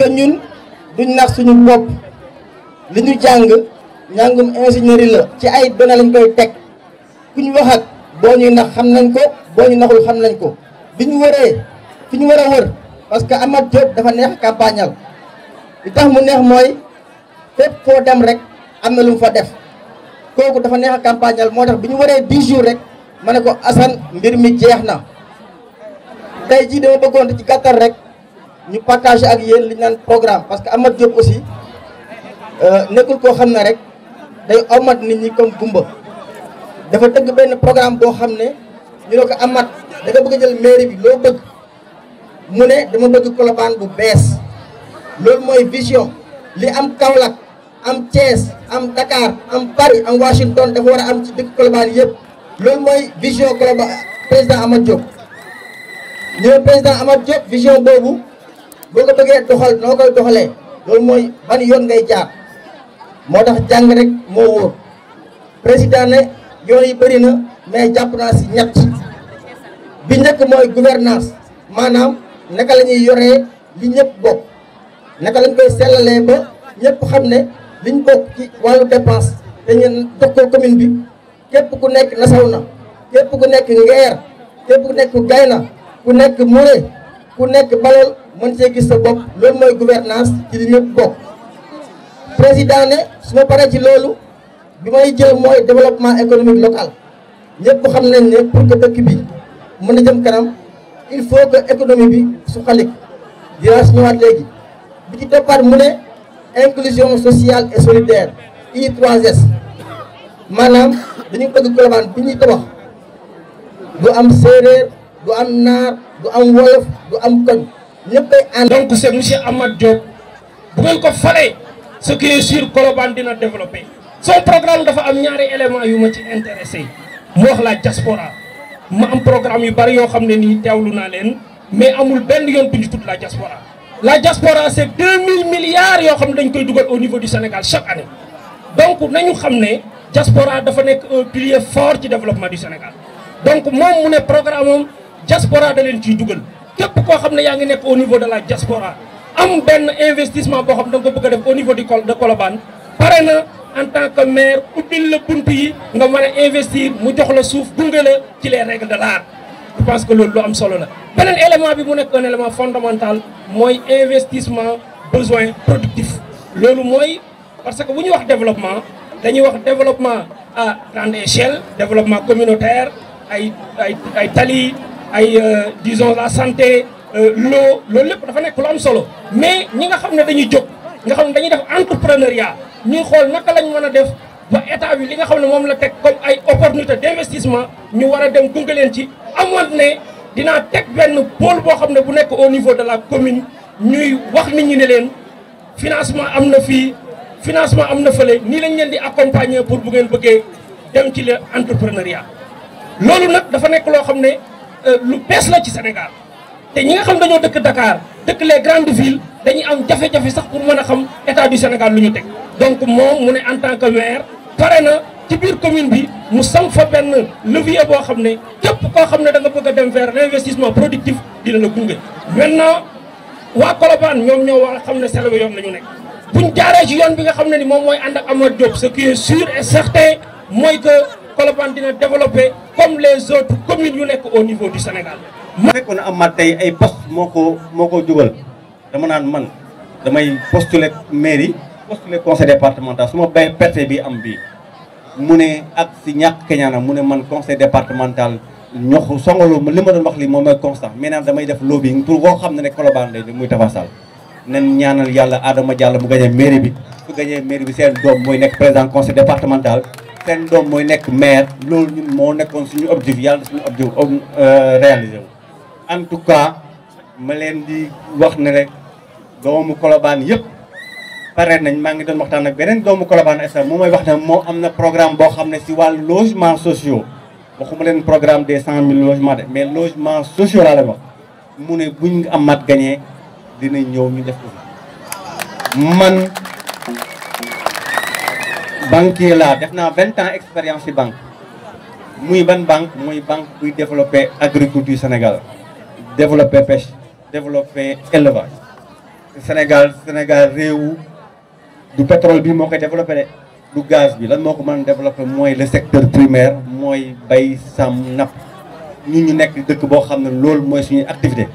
que ñun duñ nax suñu bopp li ñu jàng njàngum ingénierie la ci ay données lañ koy teg kuñ wax ak boo ñuy nax xam nañ ko boo ñu naxul xam nañ ko bi ñu wëree fi ñu war a wër parce que Amath Diop dafa neex campagnal li tax mu neex mooy fépp koo dem rek am na lu mu fa def kooku dafa neex campagnal moo tax bi ñu waree 10 jours rek ma ne ko asan mbir mi jeex na tey jii dama bëggoon ci gàttal rek ñu partagé ak yéen li ñu naan programme parce que Amath Diop aussi euh, nekkul koo xam ne rek day omat nit ñi comme gumba dafa tëgg benn programme boo xam ne ñu ne ko Amath da nga bëgg a jël mairie bi loo bëgg mu ne dama bëgg Colobane bu bees loolu mooy vision li am Kaolack am Thiès am Dakar am Paris am Washington dafa war a am ci dëkk Colobane yëpp loolu mooy vision Colobane président amat Diop ñëw président Amath Diop vision boobu boo ko bëggee doxal noo koy doxalee loolu mooy ban yoon ngay jaar moo tax jàng rek moo wóor président ne yoon yi bëri na mais jàpp naa si ñett bi nekk mooy gouvernance maanaam naka la ñuy yoree li ñëpp bokk naka lañ koy sellalee ba ñëpp xam ne liñ bokk ci wàllu dépense te ñu jox ko commune bi képp ku nekk nasaw na képp ku nekk ngeer képp ku nekk gay na ku nekk muré bu nekk balal mën see gis sa bopp loolu mooy gouvernance ci li ñëpp bokk président ne su ma paree ci loolu bi may jël mooy développement économique local ñëpp xam nañ ne pour que dëkk bi mën a jëm kanam il faut que économie bi su xalik dinaa si ñëwaat léegi bi ci départ mu ne inclusion sociale et solidaire I3S maanaam dañu bëgg Colobane bi ñuy tabax du am séeréer du am naar du am woyof du am koñ ñëppay ànd. ko falee ce qui est sûr dina développé son programme dafa am ñaari éléments yu ma ci intéressé mu wax la diaspora ma am programme yu bari yoo xam ne nii lu naa leen mais amul benn yoon bu ñu tudd la diaspora la diaspora c' est 2000 milliards yoo xam ne dañ koy dugal au niveau du Sénégal chaque année donc nañu xam ne diaspora dafa nekk un pilier fort ci développement du Sénégal donc moom mu ne programme diaspora da leen ciy dugal képp koo xam ne yaa ngi nekk au niveau de la diaspora am benn investissement boo xam ne nga ko bëgg a def au niveau du de Colobane pare na en tant que maire ubbil la bunt yi nga man a investir mu jox la suuf gunge la ci les règles de l'art parce pense que loolu lu am solo la beneen élément bi mu nekk un élément fondamental mooy investissement besoin productif loolu mooy parce que bu ñuy wax développement dañuy wax développement à grande échelle développement communautaire ay ay ay ay euh, disons la santé euh, l'eau loolu lépp dafa nekk lu am solo mais ñi nga xam ne dañuy jóg nga xam ne dañuy def entrepreneuriat ñuy xool naka lañ mën a def ba état bi li nga xam ne moom la teg comme ay opportunité d'investissement ñu war a dem gunge leen ci amoon ne dinaa teg benn pôle boo xam ne bu nekk au niveau de la commune ñuy wax nit ñi ne leen financement am na fii financement am na fële nii lañ leen di accompagner pour bu ngeen bëggee dem ci le nag dafa nekk loo xam ne Euh, lu bees la ci Sénégal te ñi nga xam dañoo dëkk dakaar dëkk les grandes villes dañuy am jafe-jafe sax pour mën a xam état du Sénégal lu ñu teg donc moom mu ne en tant que maire pare na ci biir commune bi mu sam fa benn levier boo xam ne képp koo xam ne danga nga bëgg a dem vers l' investissement productif dina la gunge maintenant waa Colobane ñoom ñoo war a xam ne selewe yoom la ñu nekk buñ jaaree ci yoon bi nga xam ne ni moom mooy ànd ak Amath Diop ce qui est sûr et mooy que Colobane dina développer comme les autres communes yu nekk au niveau du Sénégal. bu fekkoon ne Amath tey ay post moo ko moo ko jugal dama naan man damay postuler mairie postuler conseil départemental su ma bay perte bi am bii mu ne ak si ñàkk keñaana mu ne man conseil départemental ñox songalu li ma doon wax li moom mooy constat damay def lobbying pour koo xam ne ne Colobane lay muy Tapha Sall nen ñaanal yàlla Adama Diallo mu gagné mairie bi su gagné mairie bi seen doom mooy nekk président conseil départemental seen doom mooy nekk maire loolu ñun moo nekkoon suñu objectif yàlla suñu objectif euh, réalisé wu en tout cas ma leen di wax ne rek doomu Colobane yëpp pare nañ maa ngi doon waxtaan ak beneen doomu Colobane esa moo may wax ne moo am na programme boo xam ne si wàllu logement sociaux waxuma leen programme des cent mille logements de mais logement sociaux laa la wax mu ne buñ amat gagné dinañ ñëw ñu def ko man banquier laa def naa vingt ans expérience ci banque muy ban banque muy banque buy développer agriculture Sénégal développer pêche développer élevage Sénégal Sénégal réew du pétrole bi moo koy développé de du gaz bi lan moo ko mën développé mooy le secteur primaire mooy bay sàmm napp ñun ñu nekk dëkk boo xam ne loolu mooy suñu activité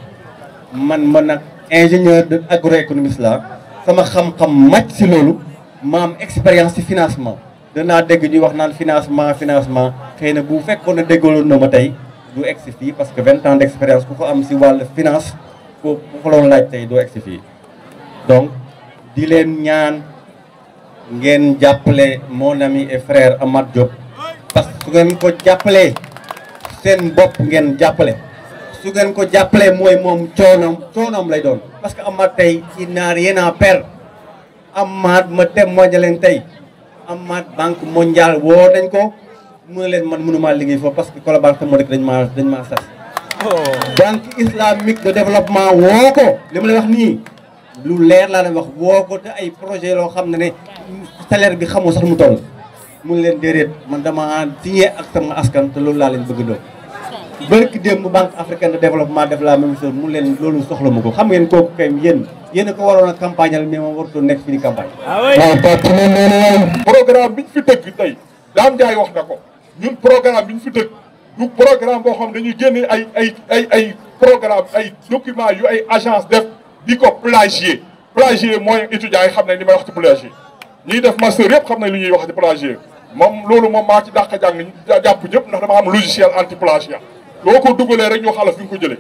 man man nag ingénieur de agroéconomiste la sama xam-xam màcc si loolu ma expérience ci financement danaa dégg ñuy wax naan financement financement xëy na bu fekkoon ne déggaloon na ma tey du egsi fii parce que vingt ans d' expérience ku ko am si wàllu finance ko ku ko loon laaj tey doo egsi fii donc di leen ñaan ngeen jàppale moonami ami et frère Amath Diop parce que su ngeen ko jàppalee seen bopp ngeen jàppale su ngeen ko jàppale mooy moom coonoom coonoom lay doon parce que amaat tey il n'a rien à perdre Amath ma témoigné leen tey Amath banque mondiale woo dañ ko mu ne leen man mënumaa liggéey foofu parce que collaboration moo dëkk dañ maa dañ maa sas oh. banque islamique de développement woo ko li ma lay wax nii lu leer laa leen wax woo ko te ay projet loo xam ne ne salaire bi xamoo sax mu toll mu ne leen déedéet man dama signé ak sama askan te loolu laa leen bëgg doon barki démb banque africaine de def la même chose mu leen loolu soxla ma ko xam ngeen kooku kay yéen yéen a ko waroon a campagne al nekk fi di na ah ah, programme bi ñu fi tëgg tey daam jaay wax na ko ñun programme bi ñu fi tëgg du programme boo xam dañuy génne ay ay ay ay programme ay document yu ay agence def di ko plagier plagier mooy étudiants yi xam nañ li may wax ci plagier ñuy def master yëpp xam nañ li ñuy wax ci plagier moom loolu moom maa ci dàq jàng ñëpp ndax dama am logiciel anti plagiat loo ko dugalee rek ñu xala fi nga ko jëlee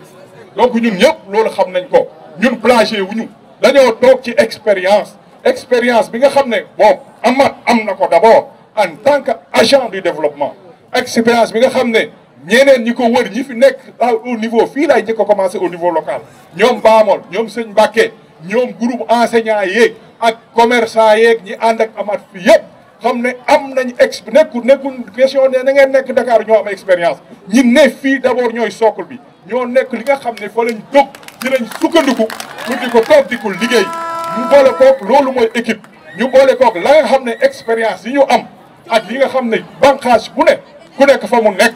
donc ñun ñëpp loolu xam nañ ko ñun plagié wu ñu dañoo toog ci expérience expérience bi nga xam ne bon amat am na ko d'abord en tant que agent du développement expérience bi nga xam ne ñeneen ñi ko wër ñi fi nekk au niveau fii laay jëkk a commencé au niveau local ñoom Bamol ñoom seen Mbàkke ñoom groupe enseignant yeeg ak commerçant yeeg ñi ànd ak amat yëpp xam ne am nañ ex nekku nekku question ne na ngeen nekk Dakar ñoo am expérience ñi ne fii d'abord ñooy socle bi ñoo nekk li nga xam ne fa lañ dog di lañ sukkandiku pour di ko toog di ko ñu boole koog loolu mooy équipe ñu boole kook la nga xam ne expérience yi ñu am ak yi nga xam ne banquage bu ne ku nekk fa mu nekk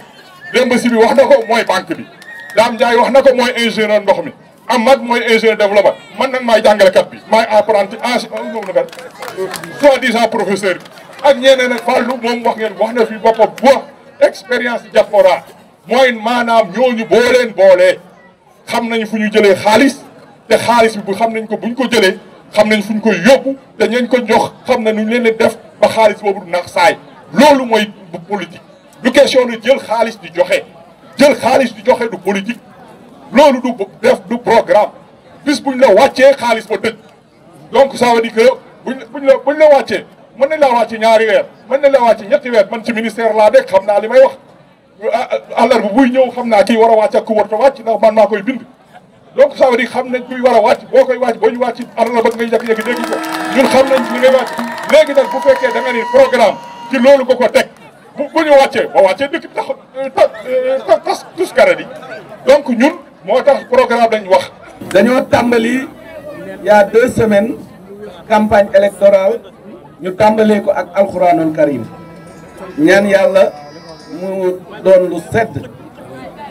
démb si bi wax na ko mooy banque bi Dame Ndiaye wax na ko mooy ingénieur ndox mi Amad mooy ingénieur développement man nag maay jàngalekat bi maay apprenti en soi disant professeur bi ak ñeneen ak Fallou moom wax ngeen wax na fi boppam wax expérience diaspora mooy maanaam ñooñu boo leen boolee xam nañ fu ñu jëlee xaalis te xaalis bi bu xam nañ ko buñ ko jëlee xam nañ fu ñu koy yóbbu te ñañ ko jox xam na nuñ leen leen def ba xaalis boobu du nax saay loolu mooy bu politique du question ne jël xaalis di joxe jël xaalis di joxe du politique loolu du def du programme bis buñ la wàccee xaalis ba tëj donc ça veut dire que buñ buñ la buñ mën nañ laa wàcc ñaari weer man nañ laa wàcc ñetti weer man ci ministère laa nekk xam naa li may wax ah, ah, bu buy ñëw xam naa kii war a wàcc ak ku warta wàcc ndax man maa koy bind donc ça xam nañ kuy war a wàcc boo koy wàcc boo ñu wàcc àllarba ngay jékki-jékki dégg ko ñun xam nañ li ngay wàcc léegi nag bu fekkee da nga ni programme ci loolu ko ko teg bu bu ñu wàccee ba wàccee dëkk bi tax euh, euh, tas tuskara di donc ñun moo tax programme lañ wax dañoo tàmbali il y a deux semaines ñu tàmbalee ko ak alxuraanul karim ñaan yàlla mu doon lu sedd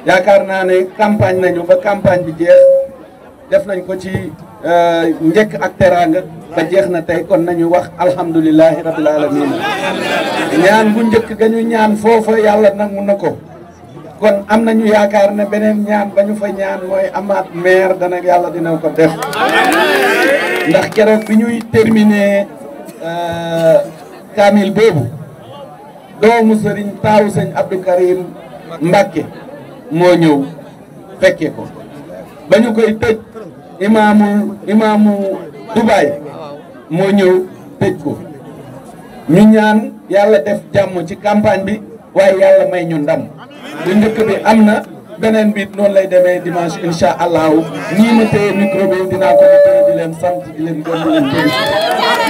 yaakaar naa ne campagne nañu ba campagne bi jeex def nañ ko ci euh, njëkk ak teraanga ba jeex na tey kon nañu wax alhamdulilahi rabil alamin ñaan bu njëkk ga ñu ñaan foofa yàlla mun na ko kon am nañu yaakaar ne beneen ñaan ba ñu fa ñaan mooy amaat maire dana yàlla dina ko def ndax keroog bi ñuy terminer Euh, kaamil boobu doomu sëriñ taawu sëñ Abdou Karim Mbacke moo ñëw fekke ko ba ñu koy tëj imaamu imaamu Dubaay moo ñëw tëj ko ñu ñaan yàlla def jàmm ci campagne bi waaye yàlla may ñu ndam bu njëkk bi am na beneen bi noonu lay demee dimanche incha allahu nii ma téye micro dinaa ko téye di leen sant di leen gërëm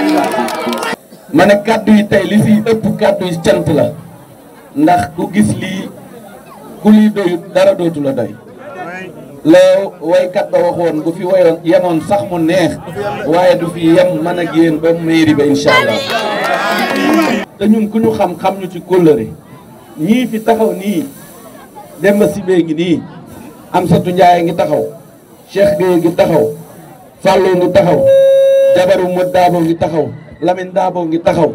di leen kàddu yi tey li siy ëpp kàddu yi cant la ndax ku gis lii ku lii doyut dara dootu la doy. léew waykat ba waxoon bu fi wayoon yemoon sax mu neex waaye du fi yem mën ak yéen ba mairie ba incha allah te ñun ku ñu xam xam ñu ci kóllëre ñii fi taxaw nii. Demba Sibé ngi nii Amsatou Ndiaye ngi taxaw Cheikh Gueye ngi taxaw Fallou ngi taxaw Jabaru Mod Dabo ngi taxaw lamin daaboo ngi taxaw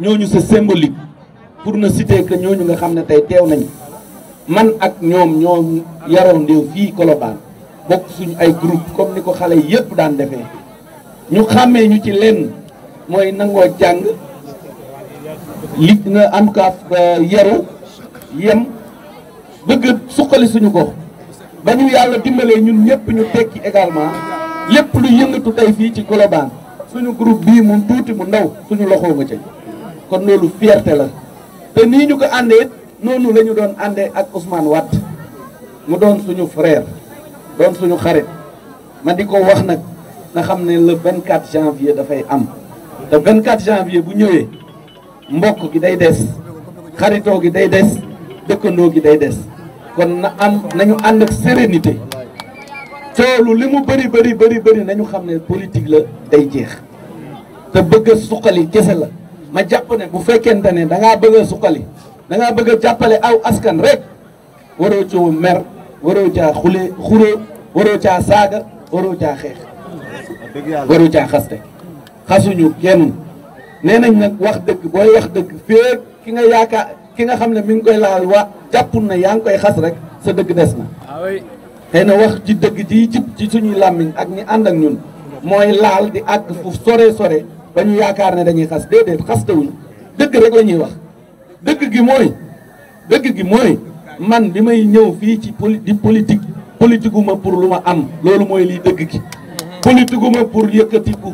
ñooñu c'est symbolique pour na citer que ñooñu nga xam ne tey teew nañ man ak ñoom ñoo yaroo ndéew fii Colobane bokk suñu ay groupe comme ni ko xale yépp daan defee ñu xàmmee ñu ci lenn mooy nangoo jàng li na am kaaf euh, yaru yem bëgg suqali suñu ko ba ñu yàlla dimbalee ñun ñëpp ñu tekki également lépp lu yëngatu tey fii ci Colobane suñu groupe bii mu tuuti mu ndaw suñu loxo nga ca kon loolu fierté la te nii ñu ko àndee noonu lañu doon àndee ak Ousmane Wade mu doon suñu frère doon suñu xarit ma di ko wax nag nga xam ne le 24 janvier dafay am te 24 janvier bu ñëwee mbokk gi day des xaritoo gi day des. dëkkandoo gi day des kon na am nañu ànd ak sérénité coolu li mu bëri bëri bëri bëri nañu xam ne politique la day jeex te bëgg suqali gese la ma jàpp ne bu fekkente ne da ngaa bëgg a suqali da ngaa jàppale aw askan rek waroo coo mer waroo caa xule xuree waroo caa saaga waroo caa xeex waroo caa xaste xasuñu kenn nee nañ nag wax dëgg booy wax dëgg féeg ki nga yaakaar ki nga xam ne mi ngi koy laal waa jàppul na yaa ngi koy xas rek sa dëgg des na ah xëy na wax ci dëgg ji jib ci suñuy làmmiñ ak ñi ànd ak ñun mooy laal di àgg fu sore sore ba ñu yaakaar ne dañuy xas déedéet xas tawuñ dëgg rek la ñuy wax dëgg gi mooy dëgg gi mooy man bi may ñëw fii ci poli di politique politikuma pour lu ma am loolu mooy liy dëgg gi politikuma pour yëkkatiku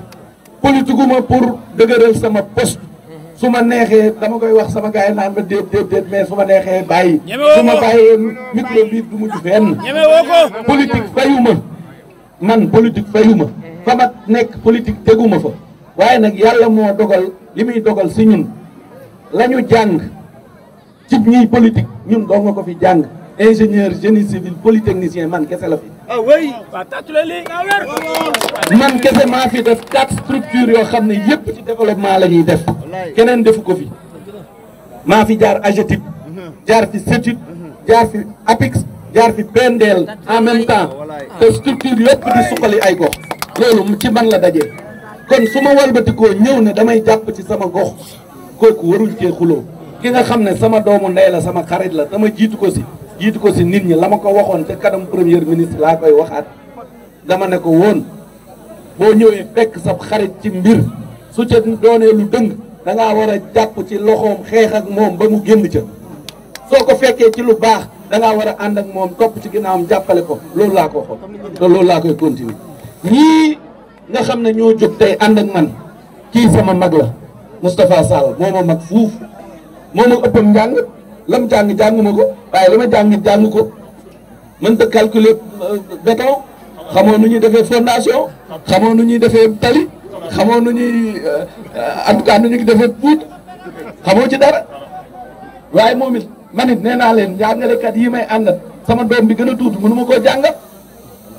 politikuma pour dëgëral sama poste su ma neexee dama koy wax sama gars yi naan ma déet déet déet mais su ma neexee bàyyi. su ma bàyyee micro bi du mujj fenn. politique fayuma man politique fayuma fa ma nekk politique teguma fa. waaye nag yàlla moo dogal li muy dogal si ñun lañu jàng cib ñiy politique ñun doo nga ko fi jàng. ingénieur génie civil polytechnicien man kese la fi. ah oui man kese maa fi def quatre structures yoo xam ne yëpp ci développement la ñuy def keneen defu ko fi maa fi jaar AGETIP mhm. jaar fi CETUD mhm. jaar fi APIX jaar fi PNDL en même temps te structure yëpp di suqali ay gox loolu ci man la daje kon su ma walbatikoo ñëw ne damay jàpp ci sama gox kooku warul cee xuloo ki nga xam ne sama doomu ndey la sama xarit la dama jiitu ko si. jiitu ko si nit ñi la ma ko waxoon ca kanam premier ministre laa koy waxaat dama ne ko woon boo ñëwee fekk sa xarit ci mbir su ca doonee lu dëng danga war a jàpp ci loxoom xeex ak moom ba mu génn ca soo ko fekkee ci lu baax da war a ànd ak moom topp ci ginnaawam jàppale ko loolu laa ko waxoon te loolu laa koy continuer ñii nga xam ne ñoo jóg tey ànd ak man kii sama mag la Moustapha Sall moo ma mag fuuf moo ma ëppam njàng la lam jàng jànguma ko waaye la ma jàng jàng ko mën ta calculer euh, béton xamoo nu ñuy defee fondation xamoo nu ñuy defee tali xamoo nu ñuy euh, en tout cas nu ñuy defee puut xamoo ci dara waaye moom it man it nee naa leen jàngalekat yi may àndat sama doom bi gën a tuut mënu ma koo jàngat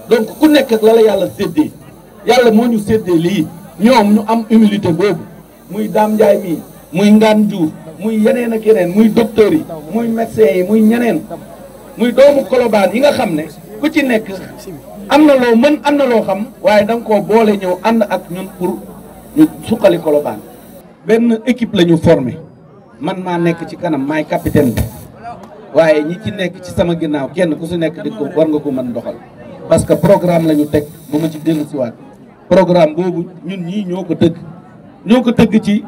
donc ku nekk ak la la yàlla séddee yàlla moo ñu séddee lii ñoom ñu am humilité boobu muy daam njaay mii muy ngaan Diouf muy yeneen ak yeneen muy docteurs yi muy médecins yi muy ñeneen muy doomu Colobane yi nga xam ne ku ci nekk am na loo mën am na loo xam waaye da nga boole ñëw ànd ak ñun pour ñu suqali Colobane benn équipe la ñu formé man maa nekk ci kanam maay capitaine bi waaye ñi ci nekk ci sama ginnaaw kenn ku si nekk di ko war nga ko mën doxal parce que programme la ñu teg ba ma ci siwaat programme boobu ñun ñii ñoo ko tëgg ñoo ko tëgg ci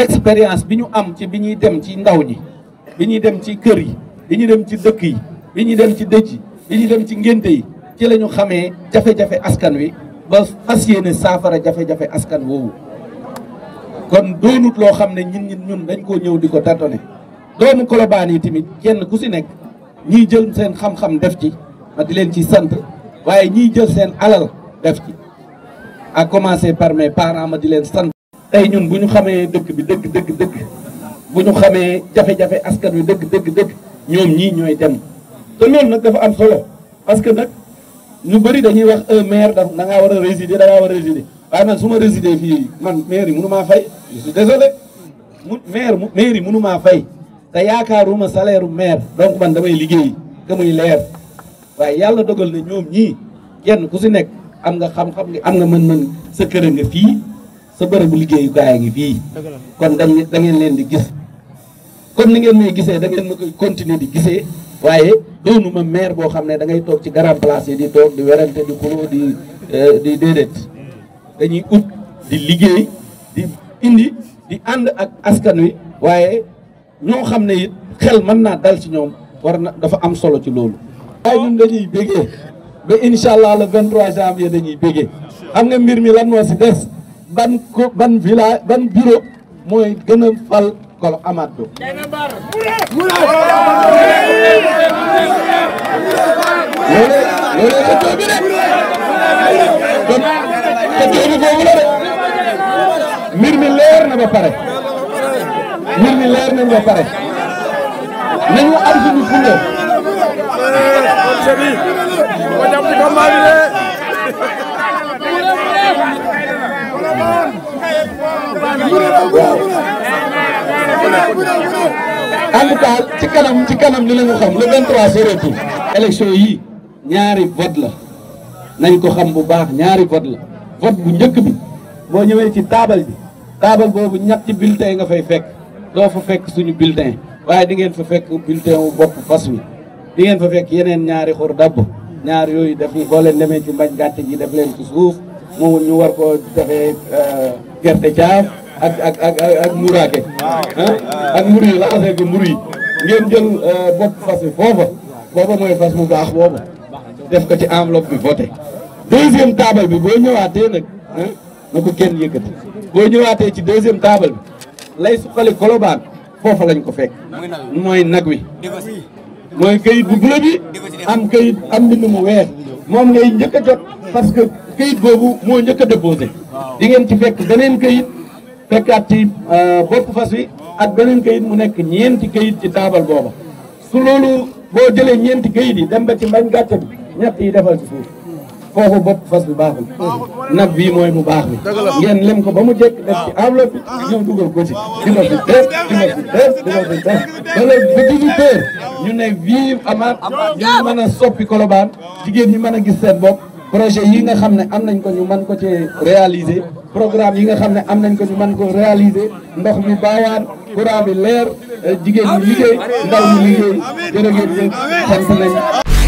expérience bi ñu am ci bi ñuy dem ci ndaw ñi bi ñuy dem ci kër yi bi ñuy dem ci dëkk yi bi ñuy dem ci dëj yi bi ñuy dem ci ngénte yi ci la ñu xamee jafe-jafe askan wi ba fas yéene saafara jafe-jafe askan woowu kon doonut loo xam ne ñun ñun ñun dañ koo ñëw di ko tatone doomu kolobaan yi tamit kenn ku si nekk ñiy jël seen xam-xam def ci ma di leen ci sant waaye ñiy jël seen alal def ci à commencer par mes parents di leen sant tey ñun bu ñu xamee dëkk bi dëgg dëgg bu ñu xamee jafe-jafe askan wi dëgg dëgg dëgg ñoom ñii ñooy dem te loolu nag dafa am solo parce que nag ñu bëri dañuy wax un euh, maire daf da ngaa war a résider da war a résider waaye man su ma fii man maire yi mënumaa fay je suis désolé mu maire mu maire yi mënumaa fay te yaakaaruma salaire maire donc man damay liggéey te muy leer waaye yàlla dogal na ñoom ñii kenn ku si nekk am nga xam-xam am nga mën-mën sa kër nga fii sa bërëbu liggéeyukaay ngi fii kon dañ da ngeen leen di gis kon ni ngeen may gisee da ngeen ma koy continuer di gisee waaye doonuma maire boo xam ne da ngay toog ci grand place yi di toog di werante di xuloo di eh, di déedéet dañuy ut di liggéey di indi di ànd ak askan wi waaye ñoo xam ne it xel mën naa dal ci ñoom war na dafa am solo ci loolu waaye ñun dañuy bégee ba incha la le 23 janvier dañuy bégee xam nga mbir mi lan moo si des ban ko ban village ban bureau mooy gën a fal Kolo Amath Diop mbir mi leer na ba pare mbir mi leer na ba pare nañu am suñu fulla en tout cas ci kanam ci kanam li la ñu xam le 23 sereetul élection yi ñaari vote la nañ ko xam bu baax ñaari vote la vote bu njëkk bi boo ñëwee ci taabal bi taabal boobu ñetti bulletin nga fay fekk doo fa fekk suñu bulletin waaye di ngeen fa fekk bulletin wu bopp fas wi di ngeen fa fekk yeneen ñaari xur dabb ñaar yooyu def ñu leen demee ci mbañ gàtt ji def leen ci suuf mu ñu war ko defee euh, gerte caaf ak ak ak ak muraake ah ak mburu yi laxasee ko mburu yi ngeen jël euh, bopp fas bi foofa booba mooy fas bu baax booba def ko ci enveloppe bi voté deuxième taabal bi boo ñëwaatee nag ah, na ko kenn yëkkati boo ñëwaatee ci deuxième table bi lay suqali kolobaan foofa lañ ko fekk mooy nag wi mooy kayit bu bula am kayit am mbind mu weex moom ngay njëkk a que kayit boobu moo njëkk a déposé di ngeen ci fekk beneen kayit fekkaat ci euh, bopp fas wi ak beneen kayit mu nekk ñeenti kayit ci taabal booba su loolu boo jëlee ñeenti kayit yi dem ba ci mbañ gàcce bi ñett yi defal ci suuf foofu bopp fas baax baaxul nag bii mooy bu baax bi ngeen lem ko ba mu jekk def ci enveloppe bi ñëw dugal ko ci dugal fi def dugal fi def dugal fi def ba léegi ba a soppi kolobaan jigéen ñi mën a gis seen bopp projet yi nga xam ne am nañ ko ñu mën ko ci réaliser programme yi nga xam ne am nañ ko ñu man koo réaliser ndox mi baawaan courant leer jigéen ñi liggéey ndaw ñi liggéey jërëjëf sant